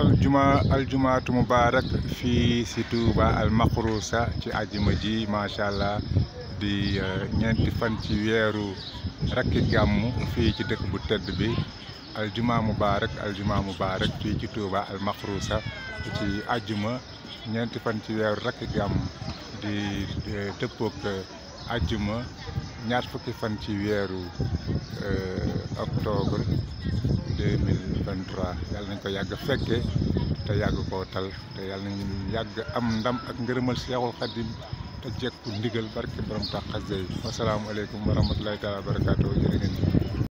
aljuma aljumaatu mubaarak fii si Touba al Maqrousa ci àjjuma ji macha allah di eh, ñeenti fan ci weeru rakki gàmmu fii ci dëkk bu tedd bi aljuma mubaarak aljuma mubaarak fii ci Touba al Maqrousa ci àjjuma ñeenti fan ci weeru rakki gàmmu di eh, dëppook eh, àjjuma ñaar fukki fan ci weeru octobre. deux mille vingt trois yàlla ko yàgg fekkee te yàgg koo tal te yàlla na nañ yàgg am ndam ak ngërëmal Seexul Xadim te jekku ndigal barke borom ta tax wa yi wasalaamualeykum wa rahmatulahi taala wa barakaatu jërë ngeen